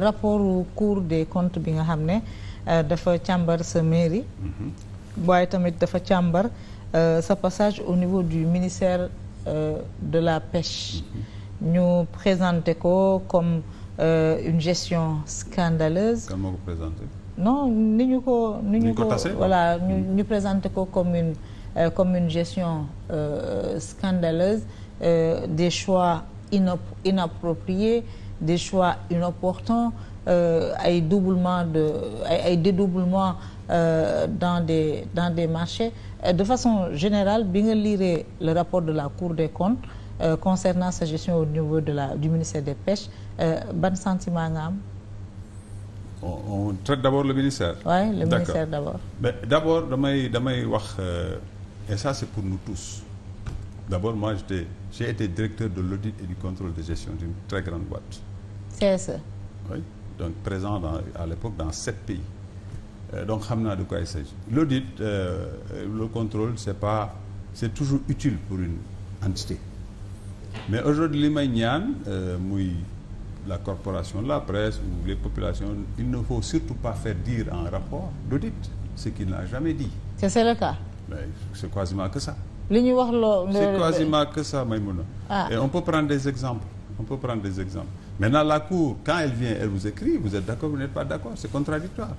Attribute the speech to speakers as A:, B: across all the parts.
A: rapport Cour des comptes bi nga xam ne euh, dafa càmbar sa mairie. Mhm. waaye tamit dafa càmbar euh, sa passage au niveau du ministère euh, de la pêche. Mhm. ñu présenté ko comme une gestion scandaleuse.
B: kan ko présenté.
A: non ñu ko ko voilà ñu mhm. ñu présenté ko comme une des choix inop inappropriés des choix inopportuns euh, ay doublement de ay ay dédoublement euh, dans des dans des marchés de façon générale bi nga lire le rapport de la Cour des comptes euh, concernant sa gestion au niveau de la du ministère des pêches ban sentiment nga am.
B: on traite d'abord le ministère. le ministère d'abord. d'abord damay damay wax et ça c'est pour nous tous d'abord moi j'ai été directeur de l'audit et du contrôle de gestion d'une très grande boîte. CSE oui donc présent dans à l'époque dans sept pays euh, donc xam naa de quoi il s'agit l'audit euh, euh le contrôle c'est pas c'est toujours utile pour une entité mais aujourd'hui li may ñaan euh, muy la corporation la presse ou les populations il ne faut surtout pas faire dire en rapport d'audit ce qu'il n'a jamais dit
A: c'est le cas
B: mais c'est quasiment que ça
A: li ñu wax loo c'est quasiment
B: que ça Maïmouna ah. et on peut prendre des exemples on peut prendre des exemples maintenant la cour quand elle vient elle vous écrit vous êtes d'accord vous n'êtes pas d'accord c'est contradictoire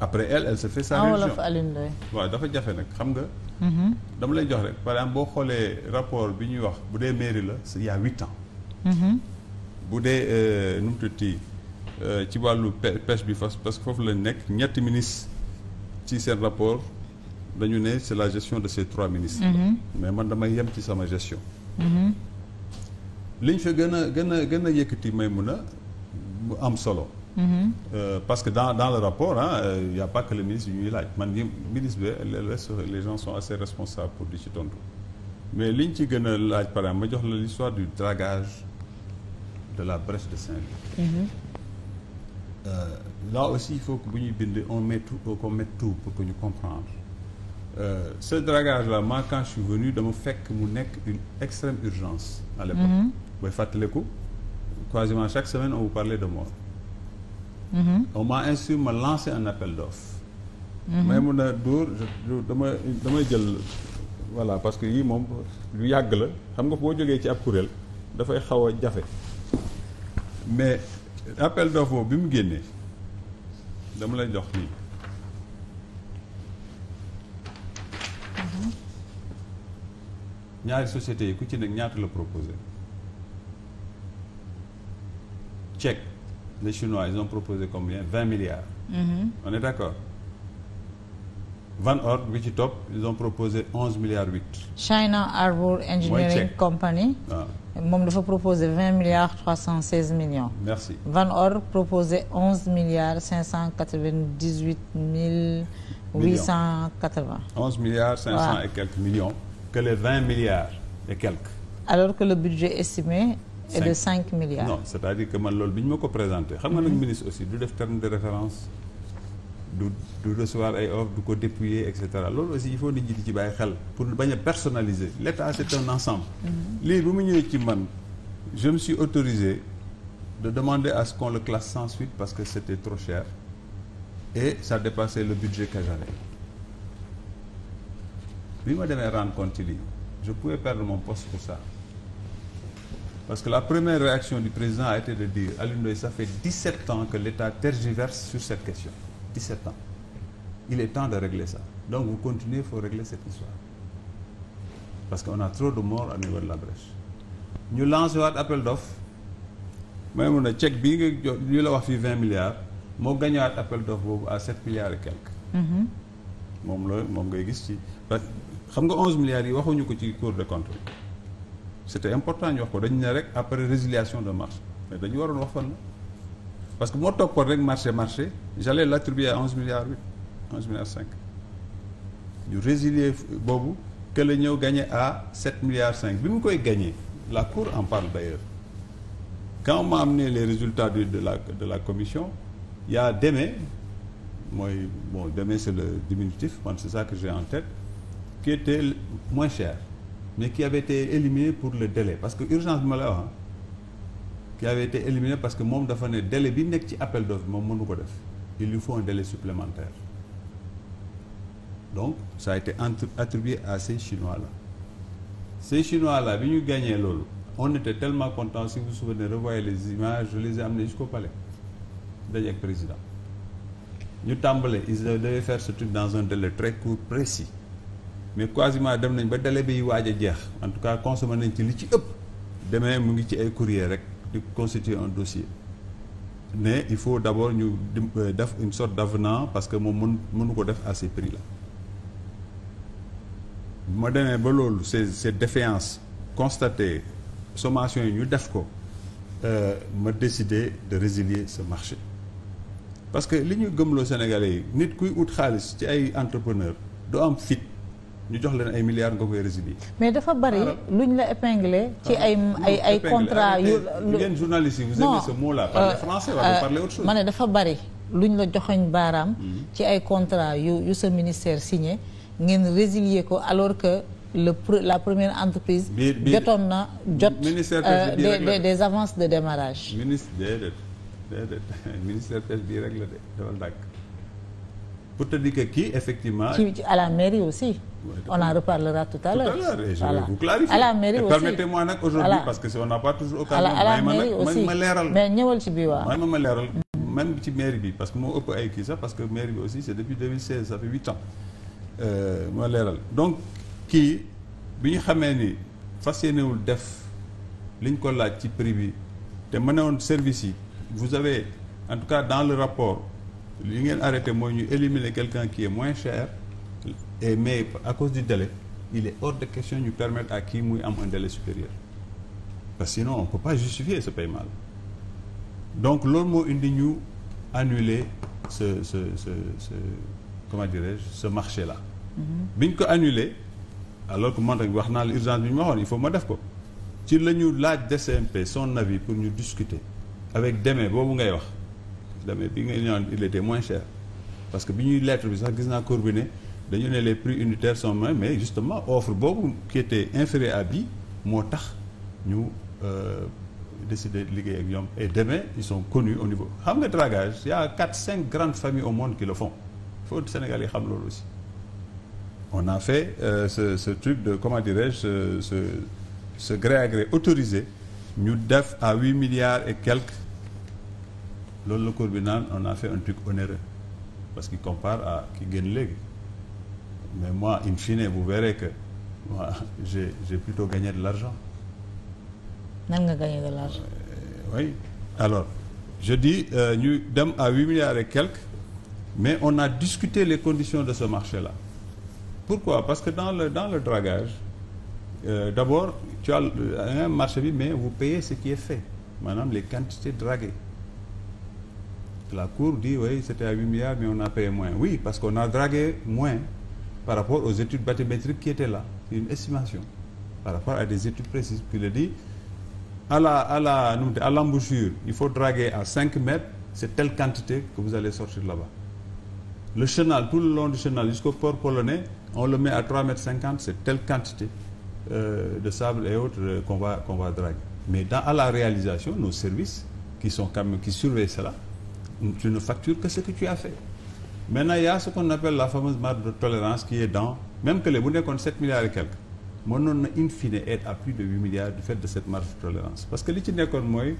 B: après elle elle fait sa ah, révision waaw dafa jafe nag xam nga mhm. dama lay jox rek par exemple boo xoolee rapport bi ñuy wax bu dee mairie la il y huit ans mhm. bu dee euh, nu mu tuddati euh, ci wàllu pêche bi fas parce que foofu lañ nekk ñetti ministre ci seen rapport dañu ne c'est la gestion de ces trois ministres mhm. mais man damay yem ci sama gestion liñ fa gën a gën a gën a yëkkati may mun a mu am solo. Mm-hmm. Euh, parce que dans dans le rapport ah euh, il y a pas que ñuy laaj man yi ministre bi les gens sont assez responsables pour di ci tontu mais liñ ci gën a laaj par ma jox la l'histoire du dragage de la brèche de Saint-Louis. Mm-hmm. Euh, là aussi il faut que bu ñuy bind on met tout qu'on mette tout pour que ñu comprendre ce dragage là moi quand je dama fekk mu nekk une extrême urgence à l'époque mm-hmm. booy fàttaliku quasiment chaque semaine on vous parlait de moi. Mm -hmm. on m'a insu ma lancé un appel d'offres. may mun a dóor dama damay jël voilà parce que yii moom lu yàgg la xam nga boo jógee ci ab kuréel dafay xaw a jafe mais appel d'offres bi mu génnee dama lay jox lii. Mm-hmm. ñaari sociétés yi ku ci nekk ñaata la proposé. tchèque les chinois ils ont proposé combien vingt milliards. Mm-hmm. on est d' Van Oord bi ci topp ils ont proposé onze milliards huit.
A: China Harbour Engineering Company. Ah. moom dafa proposé vingt milliards trois cent seize millions. merci Van Oord proposé onze milliards cinq cent quatre vingt dix huit mille huit cent quatre
B: cinq cent et quelques millions. que les milliards et quelques.
A: alors que le budget estimé. et de cinq milliards. non
B: c'est-à-dire que man loolu bi ñu ma ko présenté. xam nga nag mm-hmm. ministre aussi du def terme de référence du du recevoir ay offres du ko dépouiller et cetera loolu aussi il faut nit ñi di ci bàyyi xel pour bañ a personnaliser l'État c'est un ensemble. Mm-hmm. lii bu mu ñëwee ci man je me suis autorisé de demander à ce qu'on le classe sans suite parce que c'était trop cher et ça dépassait le budget que j'avais bi ma demee rendre compte je pouvais perdre mon poste pour ça. Parce que la première réaction du président a été de dire Alioune Ndoye, ça fait 17 ans que l'État tergiverse sur cette question. 17 ans. Il est temps de régler ça. Donc vous continuez, il faut régler cette histoire. Parce qu'on a trop de morts au niveau de la brèche. ñu lancé waat appel d'offres may mun a chèque bii nga jox ñu la wax fii 20 milliards moo gagné waat appel d'offres boobu à 7 milliards et quelques. Mm-hmm. moom la moom ngay gis ci parce que xam nga 11 milliards yi waxuñu ko ci Cour des comptes. c'était important ñu wax ko dañu ne rek après résiliation de marché mais dañu waroon wax fan la parce que moo toppoon rek marché marché j'allais l'attribuer à onze milliards huit onze milliards cinq ñu résilier boobu que ñëw gagné à sept milliards cinq bi mu koy gagné la cour en parle d'ailleurs quand on m'a amené les résultats de la de la commission il y a Démé mooy bon Démé c'est le diminutif man c'est ça que j'ai en tête qui moins cher mais qui avait été éliminé pour le délai parce que urgence bi ma lay wax qui avait été éliminé parce que moom dafa ne délai bi nekk ci appel d'offre moom mënu ko def il lui faut un supplémentaire donc ça a été attribué à ces chinois là ces chinois là bi ñu gagné loolu on était tellement content si vous vous souvenez revoyez les images je les ai amenés jusqu'au dañ dajeek président ñu tàmbale ils devaient faire ce truc dans un délai très court précis mais quasiment dem nañ ba délai bi waaj jeex en tout cas consommé nañ ci li ci ëpp demee mu ngi ci ay courrier rek di constituer un dossier mais il faut d'abord ñu euh, def une sorte d'avenant parce que moom mën mënu ko def à ces prix là ma demee ba loolu ces ces défaillances constatées sommation yi ñu def ko euh, ma décider de résilier ce marché parce que li ñu gëmloo Sénégalais yi nit kuy ut xaalis ci ay entrepreneur doo am fit ñu jox leen ay milliards nga koy résilier.
A: mais dafa bari luñ la épinglé. ci ah, ay ay ay contrat yu. yéen
B: journalistes yi vous aimez ce euh, français wala euh, parlez autre chose. ma
A: ne dafa bari luñ la joxoñ baaraam. Mm-hmm. ci ay contrat yu yu sa ministère signe ngeen résilier ko alors que. le la première entreprise. jotoon na jot euh, des des avances de démarrage.
B: ministre déedéet pour te dire que kii effectivement. ci
A: à la mairie aussi. Ouais, on en reparlera tout à l'heure tout à l'heure voilà. vous clarifier. la mairie aussi permettez-moi
B: nag aujourd'hui parce que si on n'a pas toujours occasion. ma leeral.
A: mais ñëwal ci bii waaw.
B: man ma ma leeral man ci mairie bi parce que moo ëpp ay kii sax parce que mairie bi aussi c'est depuis 2016 ça huit ans euh, ma leeral donc kii bi ñu xamee ni fas yéenewul def liñ ko laaj ci prix bi te ma mënewoon service yi vous avez en tout cas dans le rapport. li ngeen arrêté mooy ñu éliminer quelqu'un qui est moins cher et mais à cause du délai il est hors de question ñu permettre ak kii muy am un délai supérieur parce que sinon on peut pas justifier ce paiement là donc loolu moo indi ñu annuler ce ce ce ce comment dirais-je ce marché là. Mm-hmm. biñ ko annuler alors que man rek wax naa la urgence bi ñu ma waxoon il faut ma def ko ci la ñu laaj DCMP son avis pour ñu discuter avec Deme boobu ngay wax. demee bi nga ñëwoon il était moins cher parce que bi ñuy lettre bi sax gis naa courbiné dañu ne les prix unitaires son moins mais justement offre boobu qui était inférieur à bi moo tax ñu euh, décider liggéey ak ñoom et demain ils sont connus au niveau xam nga dragage y a quatre cinq grandes familles au monde qui le font il Sénégal yi xam loolu aussi on a fait euh, ce ce truc de comment dirais-je ce ce gré à gré autorisé ñu def à huit milliards et quelques loolu la cour bi naan on a fait un truc onéreux parce qu'il compare à ki génn léegi mais moi in fine vous verrez que moi j'ai j'ai plutôt gagné de l'argent
A: nan nga gagné de l'argent euh,
B: oui alors je dis euh, ñu dem à huit milliards et quelques mais on a discuté les conditions de ce marché là pourquoi parce que dans le dans le dragage euh, d'abord tu as un marché bi mais vous payez ce qui est fait maanaam les quantités draguées la Cour dit oui, c'était à 8 milliards, mais on a payé moins. Oui, parce qu'on a dragué moins par rapport aux études bathymétriques qui étaient là. C'est une estimation par rapport à des études précises. Puis il dit, à la, à la, à l'embouchure, il faut draguer à 5 mètres, c'est telle quantité que vous allez sortir là-bas. Le chenal, tout le long du chenal jusqu'au port polonais, on le met à 3,50 mètres, c'est telle quantité euh, de sable et autres euh, draguer. Mais dans, à la réalisation, nos services qui, tu ne factures que ce que tu as fait maintenant il y a ce qu'on appelle la fameuse marge de tolérance qui est dans même que le bu nekkoon 7 milliards et quelques mënoon na in fine être à plus de 8 milliards du fait de marge de tolérance parce que li ci nekkoon mooy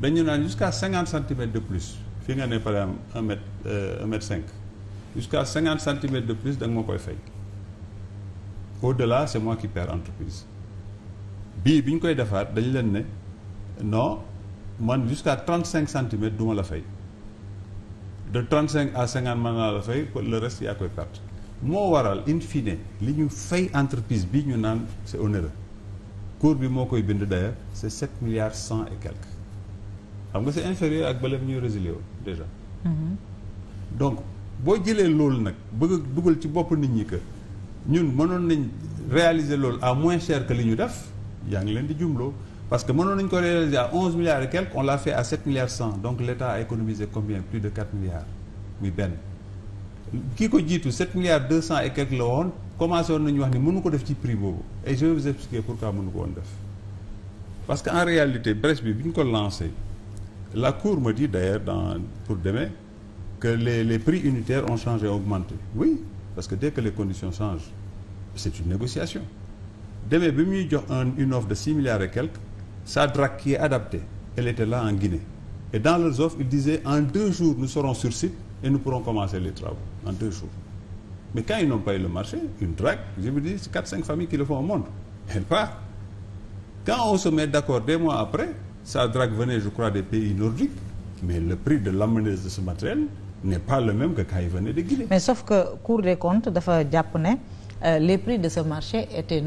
B: dañu naan jusqu'à 50 centimètres de plus fi nga ne par exemple 1 mètre 1 euh, mètre 5 jusqu'à 50 centimètres de plus da nga ma koy fay au-delà c'est moi qui perds entreprise bii bi ñu koy defaat dañu leen ne non man jusqu'à 35 centimètres du ma la fay de trente cinq à cinquante mën naa la fay le reste yaa koy perte moo waral in fine li ñu fay entreprise bi ñu naan c'est onéreux cour bi moo koy bind d'ailleurs c'est sept milliards cent et quelques xam nga se inférieur ak bële bi ñuy résilié woon déjà
A: mm-hmm.
B: donc boo jëlee loolu nag bëgg dugal ci bopp nit ñi que ñun mënoon nañ réaliser loolu à moins cher que li ñu def yaa ngi leen di jumloo parce que mënoon nañu ko réaliser a onze milliards et quelques on l'a fait à sept milliards cent donc l'État a économisé combien plus de quatre milliards muy benn kii ko jiitu sept milliards deux cent et quelques la woon commencé on nañu wax ni mënu ko def ci prix boobu et je vais vous expliquer pourquoi mënu ko woon def parce que en réalité brèche bi bi ñu ko lancé la cour ma di d'ailleurs dans pour deme que les les prix unitaires ont changé augmenté oui parce que dès que les conditions changent c'est une bi muy jox un une offre de six milliards et sa DRAC qui est adaptée elle était là en Guinée et dans le offres ils disaient en deux jours nous serons sur site et nous pourrons commencer les travaux en deux jours mais quand ils n'ont pas eu le marché une DRAC je vous dis c'est quatre cinq familles qui le font au monde elle part quand on se met d'accord des mois après sa DRAC venait je crois des pays nordiques mais le prix de l'ameneuse de ce matériel n'est pas le même que quand il venait de Guinée
A: mais Cour des dafa jàpp ne euh, les prix de ce marché étaient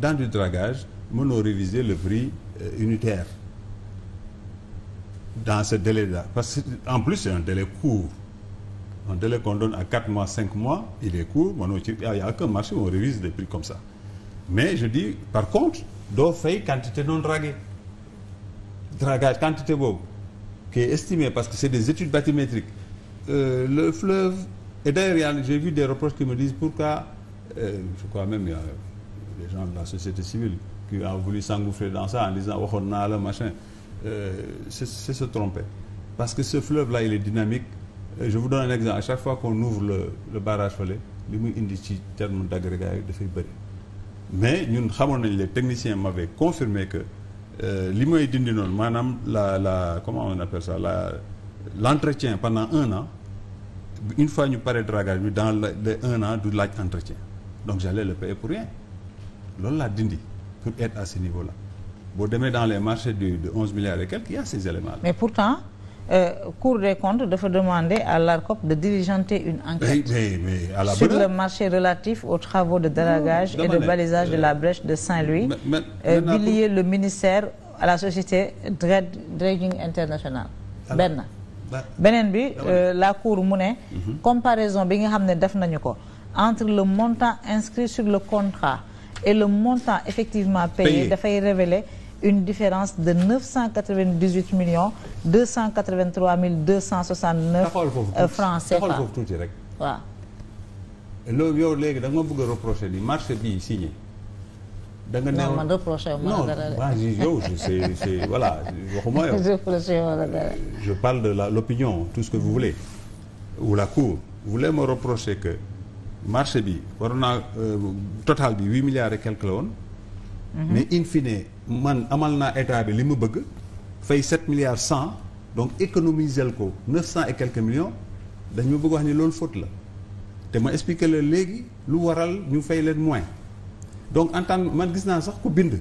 B: dans du dragage mënoo réviser le prix euh, unitaire dans ce délai là parce que en plus c'est un délai court un délai qu'on donne à quatre mois cinq mois il est court mënoo ci y a aucun marché où on révise des prix comme ça mais je dis par contre doo fay quantité non draguée dragage quantité boobu qui est estimée parce que c'est des études bathymétriques euh, le fleuve et d'ailleurs j'ai vu des reproches qui me disent pourquoi euh, je crois même il a des gens de la société civile qui a voulu s'engouffrer dans ça en disant waxoon naa la machin euh, c'est c'est se tromper parce que ce fleuve la il est dynamique euh, je vous donne un exemple à chaque fois qu'on ouvre le le fële li muy indi ci terme d'agrégat yi dafay bëri mais ñun xamoon nañ les techniciens m'avaient confirmé que euh, li may dindi noonu maanaam la la comment on appelle ça la l'entretien pendant un an une fois ñu paree dragage bi dans le un an du laaj entretien donc j'allais le payer loolu la dindi pour être à ce niveau là boo demee dans les marché du de onze milliards et quelques il y a ces éléments
A: là. pourtant euh, Cour des comptes dafa demander à l'ARCOP de diligenter une enquête.
B: mais, sur le
A: marché relatif aux travaux de dragage non, et de balisage euh, de la brèche de Saint-Louis. Euh, le ministère à la société Dred Dredging International. benn beneen bi euh, la Cour mu ne. Mm comparaison bi nga xam ne def nañu ko entre le montant inscrit le contrat. et le montant effectivement payé dafay révéler une différence de 998 millions 283 mille 269 euh, francs CFA taxawal foofu
B: tuuti rek waaw loolu yow léegi da nga ma bëgg a reprocher ni marché bii signé da nga ne man
A: reproché non yow je sais c'est voilà euh,
B: je parle de la l'opinion tout ce que vous voulez ou la cour voulez me reprocher marché bi waroon naa euh, total bi huit milliards et quelque la woon. Mhm. mais in fine man amal naa état bi li ma bëgg fay sept milliards cent donc économiser ko neuf cent et quelques millions ma bëgg wax ni loolu faute la te ma expliquer la léegi lu waral ñu fey leen moins donc en tant man gis naa sax ku bind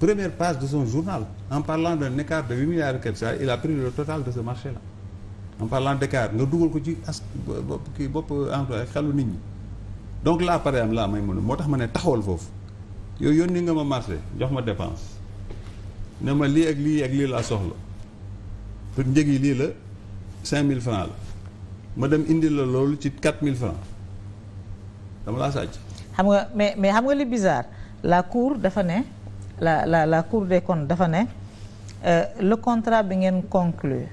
B: première page de son journal en parlant d'un écart de huit milliards quelque ça il a pris le total de ce marché la en parlant d'écart nga dugal ko ci as kii bopp emploi xelu nit ñi donc là pare am laa may mën moo tax ma ne taxawal foofu yow yónni nga ma marché jox ma dépense ne ma lii ak lii ak lii laa soxla pour njëg yi lii la cinq mille francs la ma dem indi la loolu ci quatre mille francs dama laa sàcc
A: xam nga mais mais xam nga li bizarre la cour dafa ne la la la cour des comptes dafa ne euh, le contrat bi ngeen conclure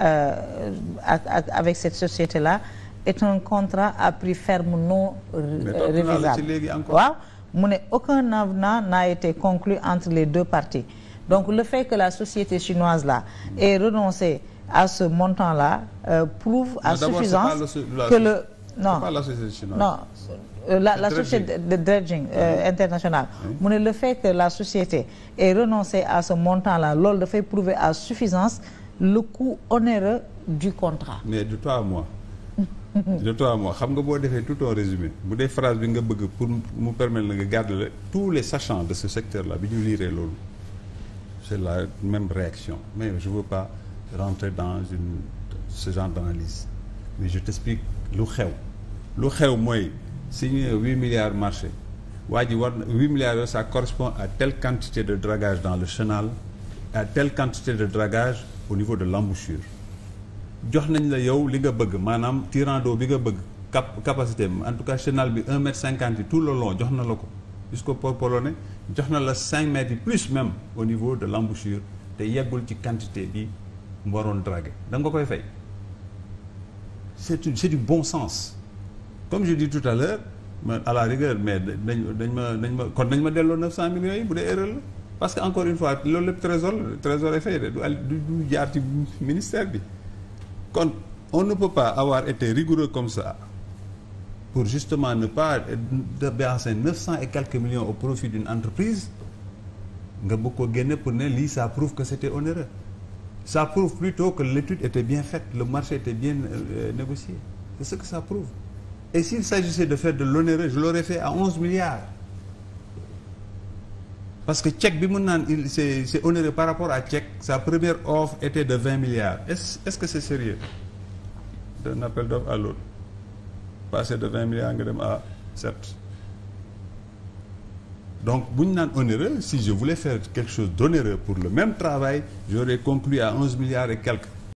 A: Euh, ak ak avec cette société là est un contrat à prix ferme non révisable waaw mu ne aucun avenant n'a été conclu entre les deux parties donc le fait que la société chinoise là ait renoncé à ce montant là euh, prouve à suffisance le, que le non pas
B: la société chinoise non
A: euh, la, la société de, de dredging euh, oui. Mm-hmm. internationale mm-hmm. mu oui. ne le fait que la société ait renoncé à ce montant là loolu dafay prouver à suffisance le coût onéreux du contrat.
B: mais de toi mois moi. de toi à xam nga boo defee tout un résumé bu dee phrase bi nga bëgg pour mu permettre la nga garder la tous les sachants de ce secteur là bi ñu liiree loolu c' est la même réaction mais je veux pas rentrer dans une ce genre d' mais je t' explique lu xew lu xew mooy signé huit milliards marché waa ji war na huit milliards yooyu ça correspond à telle quantité de dragage dans le chenal a telle quantité de dragage au niveau de l'embouchure jox nañ la yow li nga bëgg maanaam tirando bi nga bëgg cap capacité en tout cas chenal bi un mètre cinquante yi tout le long jox na la ko jusqu'au port polonais jox na la cinq mètres yi plus même au niveau de l'embouchure te yeggul ci quantité bi mu waroon draguer da nga koy fay c'est du c'est du bon sens comme je dis tout à l'heure man à la rigueur mais dañ dañ ma dañ ma kon dañ ma delloo neuf cent millions yi bu dee erreur parce que encore une fois loolu lépp trésor trésor fay de du du jaar ci ministère bi kon on ne peut pas avoir été rigoureux comme ça pour justement ne pas dépenser neuf cent et quelques millions au profit d'une entreprise nga bëgg ko génne pour ne lii ça prouve que c'était onéreux ça prouve plutôt que l'étude était bien faite le marché était bien euh, négocié c'est ce que ça prouve et s'il s'agissait de faire de l'onéreux je l'aurais fait à onze milliards parce que chèque bi mun naan il c'est c'est honoré par rapport à chèque sa première offre était de vingt milliards est-ce est-ce que c'est sérieux d'un appel d'offre à l'autre passer de vingt milliards nga dem à sept donc bu ñu naan onéreux si je voulais faire quelque chose d'onéreux pour le même travail j'aurais conclu à onze milliards et quelques